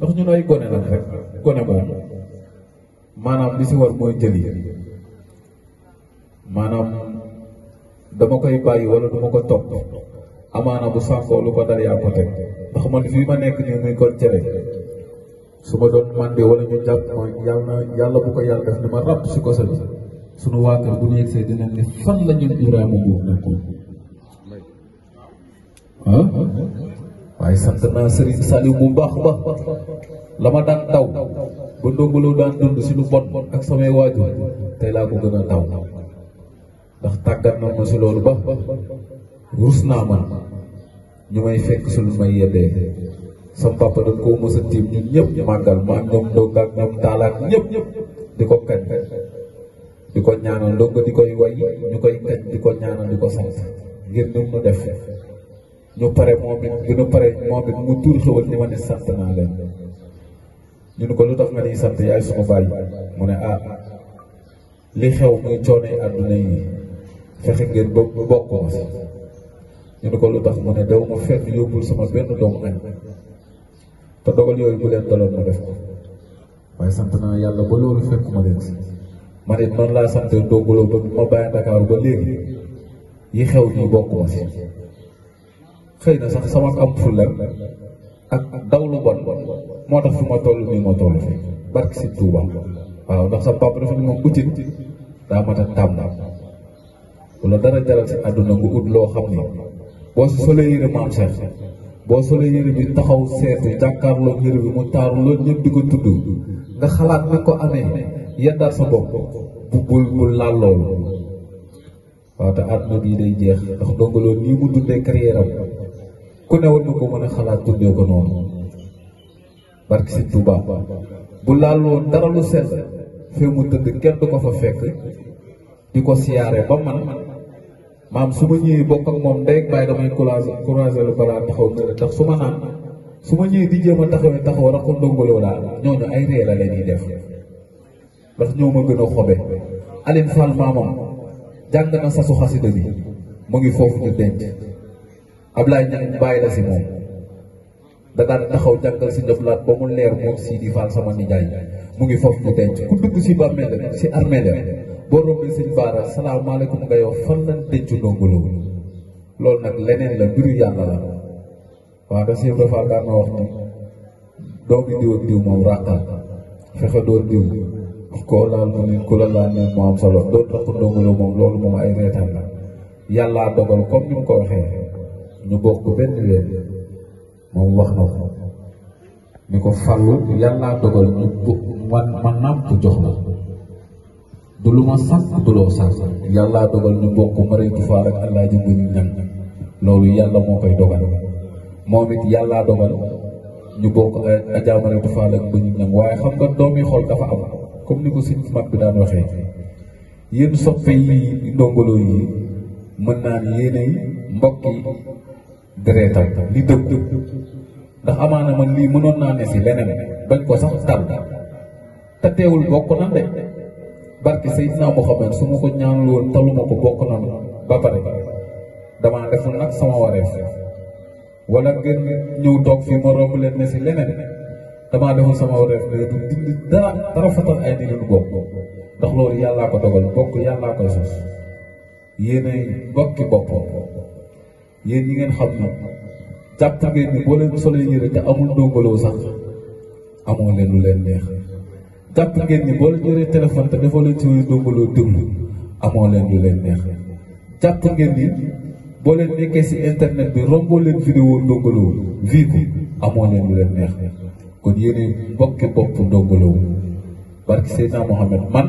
ndax ñun ay gone lañ rek maanaam li si war mooy jëli maanaam dama koy bàyyi wala du ko topp amaana bu sànkoo lu ko dal yaa ko teg ndax man fii ma nekk nii muy kon cere su ma doon màndee wala ñu jàpp mooy yàlla yàlla bu ko yàlla def ni ma ràbb si ko sa bi sunu waa kër bu dinañ ne fan la ñun Ibrahima Mbour nekkoon ah Wahai sabtana seri sesali mumbah bah Lama dan tahu Bundung bulu dan dundu sinupon Ak samay waju Tela ko gana tahu Ndax tagat na mo si lolu bah Rus na man Ñu may fekk sul may yedde Sam papa dañ ko mësa tim ñun ñëpp magal ma ñom dog ak ñom talak ñëpp diko kan diko ñaanal dog dikoy way ñukoy kan diko ñaanal diko sant ngir ñu def ñu pare moom it bu ñu pare moom it mu tuur xewal ni ma ne sant naa leen ñu ne ko lu tax nga ni sant yaay suma baay mu ne ah li xew muy coono yi àdduna yi fexe ngeen ba bokk ma si ñu ne ko lu tax mu ne daw ma fenn yóbbul sama benn doomu añ te dogal yooyu bu leen daloon ma def ko waaye sant naa yàlla ba loolu fekk ma leen si man it noonu laa sant doogaloo ba ma bàyyi Dakar ba léegi yi xew ñu bokk ma si xëy na sax sama am fulla ak daw lu bon moo tax fi ma toll nii ma toll fi barki si Tuuba waaw ndax sa papa dafa ne moom utin daa mat a tàmm wala dara jaral si àdduna bu ut loo xam ni boo solee yére maam Cheikh boo solee yére bi taxaw seetu jàkkaarloo yére bi mu taaru loolu ñëpp di ko tudd nga xalaat na ko amee yeddaat sa bopp bu bul bul laal loolu waaw te àdduna bii day jeex ndax dongaloo nii mu dundee carrière ku newul na ko mën a xalaat tuddee ko noonu barki si bu laal woon dara lu sell fii mu tëdd kenn du ko fa fekk di ko siyaare ba man maam su ma ñëwee bokk ak moom ndey ak bàyyi damay croiser croiser le bras taxaw ne la su ma naan su ma ñëwee di jéem a taxawee taxaw rek ko ndongoloo daal ñooñu ay ree la leen di def ndax ñoo ma gën a xobe Aline maamam jàng na sasu xasida bi mu ngi foofu ñu denc. Ablaye Niang bàyyi la si moom da daan taxaw jàngal si Ndeflate ba mu leer moom sii di sama nijaay mu ngi foofu mu denc ku dugg si bàmmeelam si armeelam boo rombee sëñ Baara salaamaaleykum nga yow fan lañ denc Ndongo Lo la mbiru yàlla la waaw da doo diw koo laal la moom loolu moom ay reetaan la dogal comme ni mu ko ñu bokk benn leen moom wax na ko ni ko fàllu yàllaa dogal ñu bu man ma nàmp jox ñu bokk maratu faar ak àllaaji mbuñu ñan loolu yàlla moo koy dogal moom it yàllaa dogal ñu bokk eh, ajaa maratu faar ak mbuñu ñan waaye xam nga doomi xol dafa am comme ni ko suñ mag bi daan waxee yéen soppe yi ndongolo yi mën naa ni yéenay mbokk dereetam li dëgg ndax amaana man lii mënoon naa ne si leneen bañ koo sax tal te teewul bokk na de barke Seydina Muhammad su ma ko ñaanlu woon taluma ko bokk na ba pare damaa deful nag sama wareef wala ngeen ñëw toog fii ma romb leen ne si leneen damaa deful sama wareef mais du dindi dara dara fatal ay nit ñu bokk ndax loolu yàllaa ko dogal bokk yàllaa ko sos yéenay bokki boppam yéen yi ngeen xam na jàpp ngeen ni boo leen solee yére te amul ndongoloo sax amoo leen lu leen neex jàpp ngeen ni boo leen yoree téléphone te defoo leen ci ndongoloo déglu amoo leen lu leen neex jàpp ngeen ni boo leen nekkee si internet bi romboo leen vidéo ndongoloo vie bi amoo leen lu leen neex kon yéen bokki bopp ndongoloo barki Seydina Mohamed man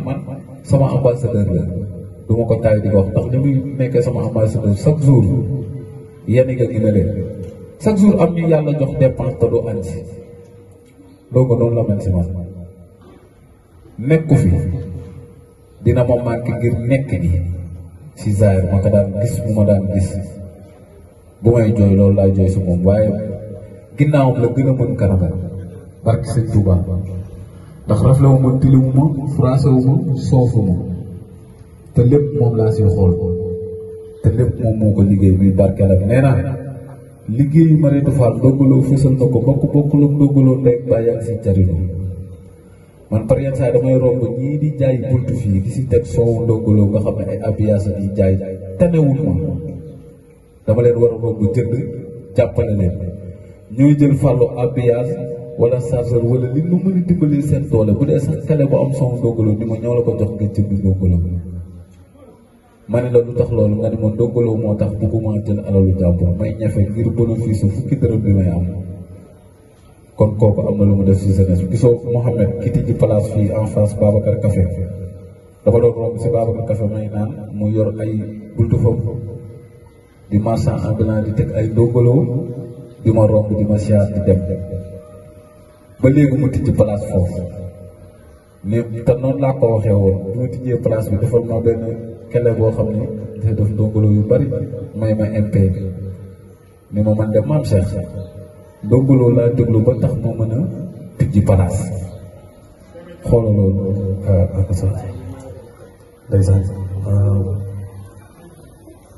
sama ambassadeur la du ma ko taay di ko wax ndax ni muy nekkee sama ambassadeur chaque jour yene nga gis leen chaque jour am ñu yalla jox dépense to do andi do ko noonu la mel ci man nekku fi dina ma mark ngir nekk ni ci zaire ma ko daan gis bu ma daan gis bu may joy loolu la joy su mom waye ginnaawam la gëna a mën karama barki sëñ Touba ndax rafle wu ma tilimu mo français wu ma soofu ma te lépp moom laa siy xool te lépp moom moo ko liggéey muy barkeelam nee na liggéeyu Mariétou Fall ndoggaloo fësal na ko bokk bokkul ak ndoggaloo ndeg bàyyi ak si jariñoo man par yenn saa damay romb ñii di jaay buntu fii di si teg soowu ndoggaloo nga xam ne ay abiyaas di jaay tanewul ma dama leen war a romb jënd jàppale leen ñooy jël fàllu abiyaas wala chargeur wala li mu mën dimbalee seen doole bu dee sa kale bu am soowu ndoggaloo ni ma ñoo la ko jox nga jënd ndoggaloo ma ne la lu tax loolu nga ne ma ndoggaloo moo tax bugguma jël alalu jabo may ñafé ngir fi su fukki dërëm bi may am kon koku amna lu mu def ci jeunesse gisoo mohammed ki tijji place fi en face babakar Café dafa do rom ci babakar Café may nan mu yor ay buntu fop di marchand ambulant di tek ay ndoggaloo di ma rom di ma siar di dem ba léegi mu tijji place foofu mais te noonu laa ko waxee won bi ma place bi defal ma benn kele boo xam ne dafa def ndongolo yu bari may ma MP ni ma man de maam Cheikh ndongolo laa déglu ba tax ma mën a tijji palaas xoolal loolu ah, ak sa ndeysaan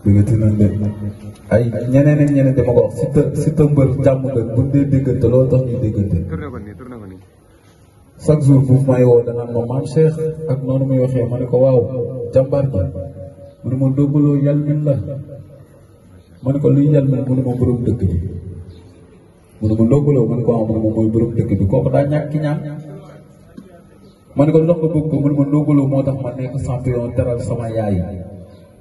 déggante nañ de ay ñeneen ak ñeneen dama ko wax si të si tëmbër jàmm nga bu dee déggante loolu tax ñu déggante chaque jour bu may woo danaan ma maam Cheikh ak noonu muy waxee ma ne ko waaw jàmbaar bi mu ne ma ndóobaloo yàlmin la ma ne ko luy yàlmin mu ne ma borom dëkk bi mu ne ma ndóobaloo ma ne ko ah, borom dëkk bi kooku daa ñàkk ki ñaan ma ne ko bëgg ko mu ne ma ndóobaloo ma nekk champion teral sama yaay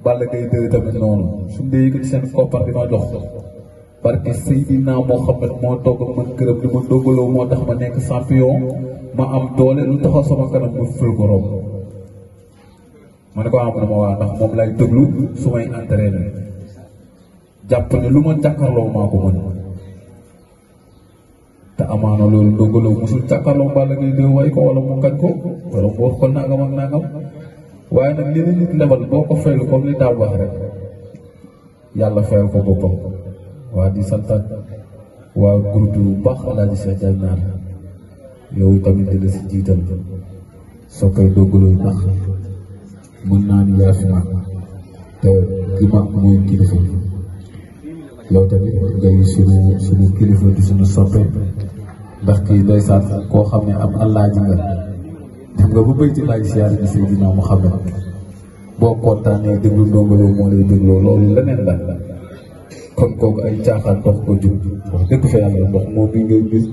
Balla Gaye 2 tamit noonu suñ dee yëkkati seen di ma jox barke sayidina Mohamed mo togg man kërëm li ma dogaloo moo tax ma nekk champion ma am doole lu taxaw sama kanam mu ful gorom ma ne ko am ah, na ma waa ndax moom lay déglu su may entraîné jàpp ne lu ma jàkkarloo maa ko mën te amaana loolu dogaloo musul jàkkarloo la ngay dee way ko wala mu kañ ko wala mu wax ko nangam ak nangam waaye nag li nit lebal boo ko faylu comme wax rek yàlla fayal ko boppam waa di santaat waa groupe bu baax alaaji Cheikh Diagne Naar yow tamit dina si jiital sokkay doggaloo ndax mën naa yaa fi mag te ki mag mooy kilifa yow tamit ngay sunu sunu kilifa di sunu soppe ndax kii ndeysaan koo xam ne am alaaji nga dem nga ba bëy ci laaj siyaare bi Seydina Muhammad boo kontaanee déglu ndongoloo moo lay dégloo loolu leneen la kon kooku ay caaxaan dox ko jur wax dëgg fa yàlla ndox moom mi ngay gis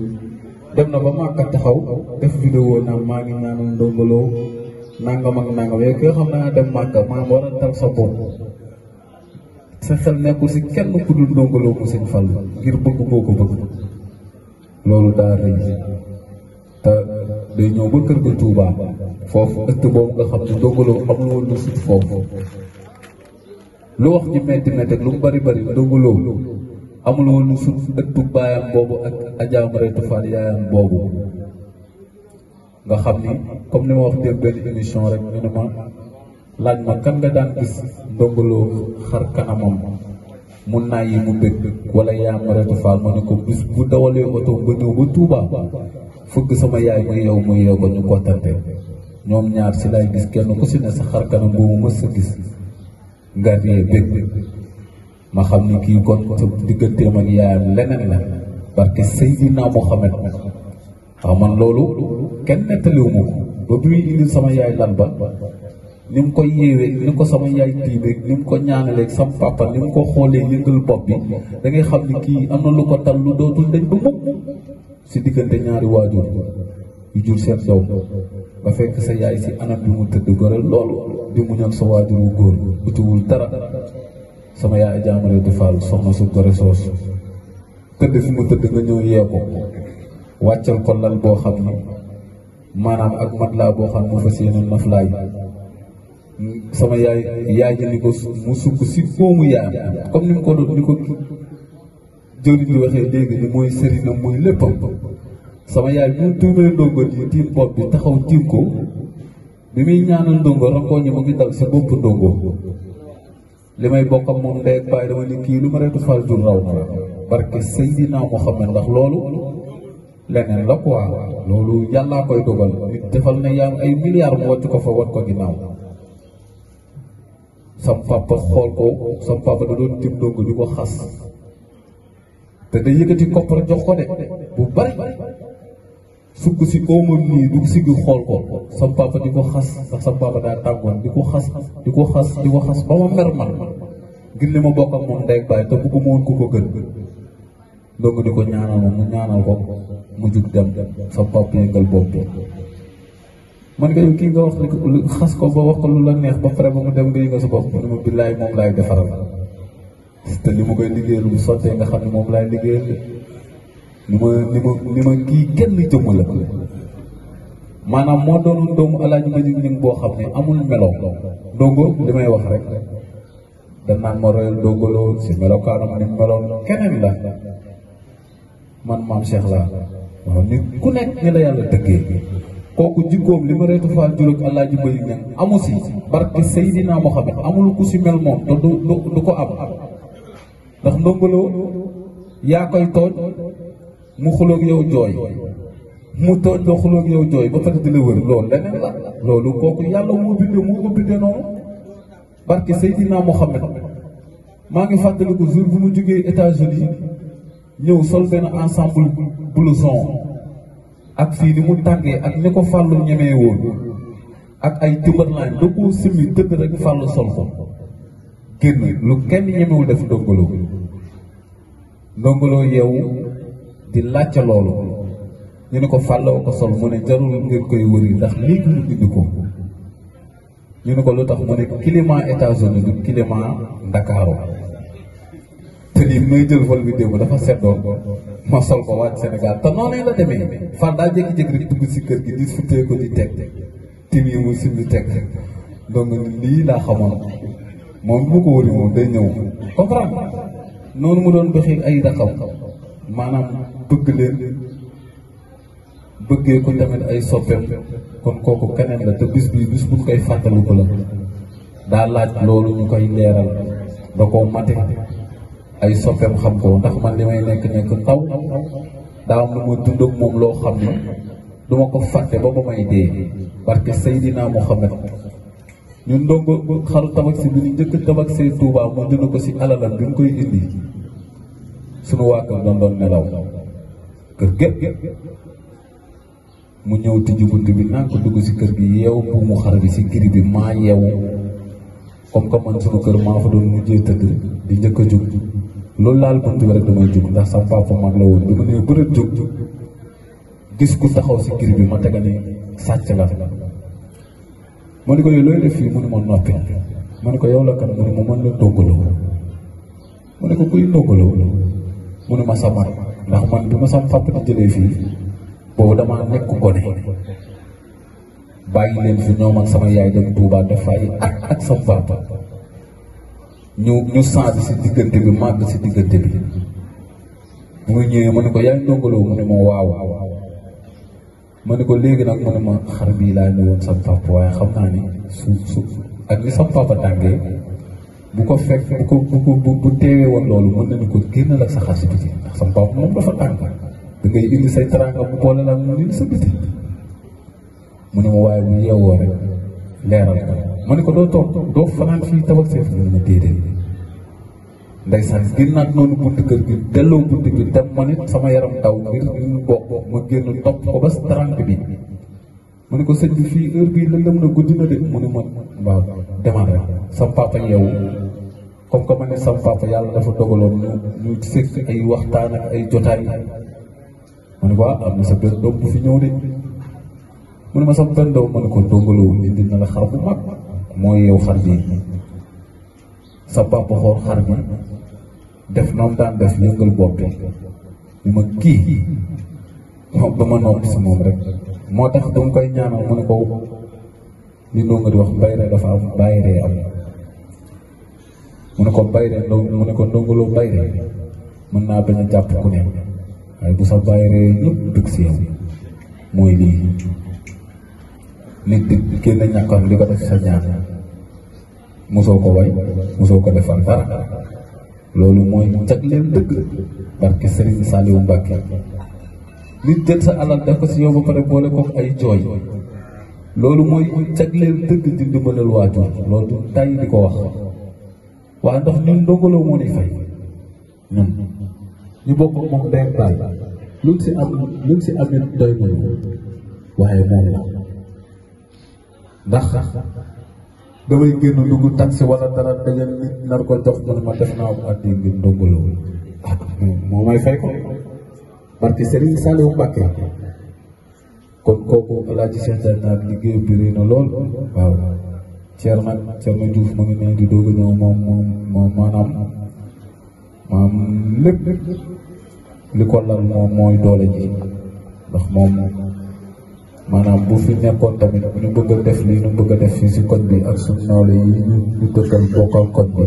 dem na ba màkka taxaw def vidéo naan maa ngi ñaanal Ndongo Lo nangam ak yooyu koo xam ne naa dem màkka maa war a tal sa bopp sa xel nekkul si kenn ku dul Ndongo mu sëñ Fall ngir bëgg ko bëgg loolu daa rëy te day ñëw ba kër ga Touba foofu ëtt boobu nga xam ne Ndongo Lo amul woon lu sut foofu lu wax ji metti metti ak lu bari bari Ndongo Lo amul woon su ëttu baayam boobu ak ajaam reetu yaayam boobu nga xam ni comme ni ma wax dégg benn émission rek ñu ne ma laaj ma kan nga daan gis Ndongo Lo xar kanamam mun naa yi mu bëgg wala yaayam reetu faal ma ne ko bis bu dawalee oto ba ñëw ba Tuubaa fëgg sama yaay muy yow muy yow ba ñu kontante ñoom ñaar si lay gis kenn ku si ne sa xar kanam boobu mës a gis Garnier bëgg ma xam ni kii kon digganteem ak yaayam leneen la parce que Seydina Mohamed waaw man loolu kenn nettaliwuma ko ba muy indi sama yaay lan ba ni mu ko yéewee ni ko sama yaay tiimee ni mu ko ñaanalee sama papa ni mu ko xoolee yëngal bopp bi da ngay xam ni kii am na lu ko tal lu dootul dañ ba mukk si diggante ñaari waajur yu jur seen doom ba fekk sa yaay si anam bi mu tëdd gore loolu di mu ñoon sa waajur wu góor utiwul dara sama yaay jaamale du faal soxna su gore soosu tëdd fi mu tëdd nga ñëw yee ko wàccal ko boo xam ne maanaam ak mat laa boo xam mu fas yéene naflaay sama yaay yaay ji ni ko mu sukk si boomu yaay comme ni mu ni ko jëriñ li waxee léegi ni mooy sëriñam mooy léppam sama yaay bu tuumee ndongo di tiim bopp bi taxaw tiim ko bi muy ñaanal ndongo rankoo ñi mu ngi dal si bopp ndongo li may bokkam moom ndey ak bàyyi dama ne kii lu ma reetu fal jur raw na barke Seydina Muhammad ndax loolu leneen la quoi loolu yàllaa koy dogal nit defal na yaam ay milliards mu wàcc ko fa wat ko ginnaaw sam xool ko sam da doon tiim ndongo di ko xas te da yëkkati koppar jox ko de bu bari suku si oomam nii du gu xool ko sam papa di ko xas ndax sam papa da tagon di ko xas di ko xas di ko xas ba ma mer man ngir li ma bokk ak moom ndey bàyyi te bëggu ma woon ku ko gën donc di ko ñaanal mu ñaanal ko mu juk dem sam papa yëngal bopp man nga ki nga wax lu xas ko ba wax lu la neex ba pare ba mu dem nga yëngal sa bopp ni ma billaay moom laay defaral te limu koy liggéeyal bu sottee nga xamni mom lay laay ni ma ni ma ni ma kii kenn jëmm la maanaam moo doonul doomu alaaji ma ñu boo xam ne amul melo ndongo li may wax rek dañ naan ma royal ndongolo si melokaanam ni meloon keneen la man maam Cheikh waaw nit ku nekk ni la yàlla dëggee kooku jikkoom li ma reetu faal juróom alaaji ma ñu amu si barke Seydina Mohamed amul ku si mel moom te du du ko am ndax ndongolo yaa koy tooñ mu xuloog yow jooy mu tooñ ba xuloog yow jooy ba pare di loolu leneen la loolu kooku yàlla moo bindee moo ko bindee noonu barke Seydina Mohamed maa ngi fàttaliku jour bu mu jógee états ñëw sol benn ensemble blouson ak fii ni mu tàggee ak ni ko fàllu ñemee ak ay Timberland da koo simmi tëdd rek fàllu sol ko génn lu kenn ñemewul def ndongolo ndongolo yeewu di laajte loolu ñu ne ko fàllaw ko sol mu ne jarul ngeen koy wëri ndax léegi mu indi ko ñu ne ko lu tax mu ne climat États-Unis du climat te nii may jël vol bi démb dafa seddoon ma sol ko waat Sénégal te noonu la demee far daa jékki-jékki rek dugg si kër gi di futtee ko di teg tim yi muy simbi teg donc lii laa xamoon moom bu ko wëri moom day ñëw comprendre noonu mu doon doxi ay raxam maanaam bëgg leen bëggee ko tamit ay soppeem kon kooku keneen la te bis bii bis buñ koy fàttaliku la daa laaj loolu ñu koy leeral da koo mate ay soppeem xam ko ndax man li may nekk nekk taw daa am lu ma dund ak moom loo xam ne du ko fàtte ba ba may dee parce que Seydina Muhammad ñun ndongo xaru tabax si bi ñu njëkk tabax see mu jënd ko si alalam bi koy indi sunuwa waa kër doon kerget nelaw kër gépp mu ñëw tijji bunt bi naan ko si kër gi yeew bu mu si kiri bi maa yeew comme que man sunu kër maa fa doon mujjee tëdd di njëkk a jug loolu laal bunt bi rek damay jug dah sampa papa mag la woon bi ma nee bëre jug si kiri bi ma tega ne sàcc la ma ni ko yow looy def fii mu ne ma noppi mënu ma samar ndax man bi ma sam papa di jëlee fii boobu damaa nekk gone bàyyi leen fi ñoom ak sama yaay dem Touba def fa at ak sama ñu ñu changé si diggante bi màgg si diggante bi bu ma ñëwee ma ne ko yaay ndongaloo mu ne ma waaw ma ne ko léegi nag mu ne ma xar bii laa ñëwoon sama papa waaye xam naa ni su su ak ni sama papa tàngee bu ko fekk bu ko bu bu bu teewee woon loolu mën nañu ko génn la sa xaalis biti ndax sa papa moom dafa tàng da ngay indi say teraanga bu boole la mu indi sa mu ne ma ne ko doo toog doo fanaan fii tabax seef mu ne déedéet ndeysaan génnaat noonu bunt kër gi delloo bunt bi dem ma sama yaram taw ngir ñu bokk ma génn topp ko ba trente bi ma ne ko sëñ bi fii heure bii lëndëm na guddi na de mu ne ma waaw demal rek sam papa yow comme que ma ne sam yàlla dafa dogaloon ñu ñu seq ay waxtaan ak ay jotaay ma ne ko ah am na sa fi ñëw de mu ne ma sam na la xar xool xar bi def noonu daan def yëngal bopp bi ma kii ba ma noonu si moom rek. moo tax ba koy ñaanal mu ne ko li ndongo di wax mbayre dafa am mbayree am mu ne ko mbayre ndong mu ne ko ndongoloo mbayre mën naa bañ a jàpp ku ne waaye bu sa mbayree ñëpp mooy lii nit di génn ñàkkam li ko def sa ñaan mosoo ko way mosoo ko defal dara loolu mooy jagleel dëgg barke Serigne Saliou Mbacke nit jël sa alal def ko si yow pare boole kook ay jooy loolu mooy cagleen dëgg di ndimbalal waajur loolu du tàyyi di ko wax waaye ndax ñun ndongoloo moo ni fay si am si amit doy ndax damay génn dugg taxi wala dara daje nit nar ko jox man ma def naa ko addi ngir ndongoloo ah may fay ko barke Serigne Saliou Mbacké kon koko El Hadj Cheikh Diagne di liggéey bi rëy lol waaw chairman chairman Diouf mo ngi ne di dogu a mom mom moom maanaam maam lépp li ko lal moom moy doole ji ndax mom manam bu fi nekkon tamit ñu bëgg def li ñu bëgg def fii ci code bi ak suñu nawle yi ñu ñu dëkkal bokkal koñ bi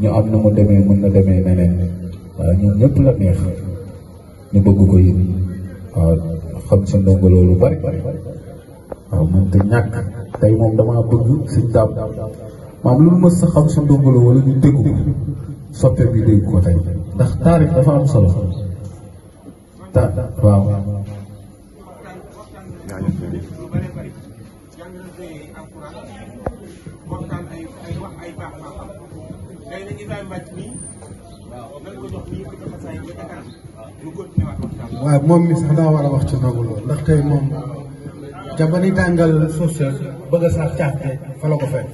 ñu am na mu démé mëna démé nenen nah, waaw ñun ñepp la neex. ñu bëgg ko yit waaw xam sa ndongo loolu bari bari waaw man te ñàkk tey moom damaa bëgg suñ daam maam lu mës sa xam sa ndongo loolu wala ñu dégg ko bi dégg ko tey ndax taarix dafa am solo léegi nag Ibrahima Mbacke mii waaw nan ko jox mii dafa saa yi ba kanam mu continué waat waxtaan. waaw moom mi sax daa war a wax ci ndogu loolu ndax tey moom ca ba ni tàngal social bëgg a sax caaf fa la ko fekk.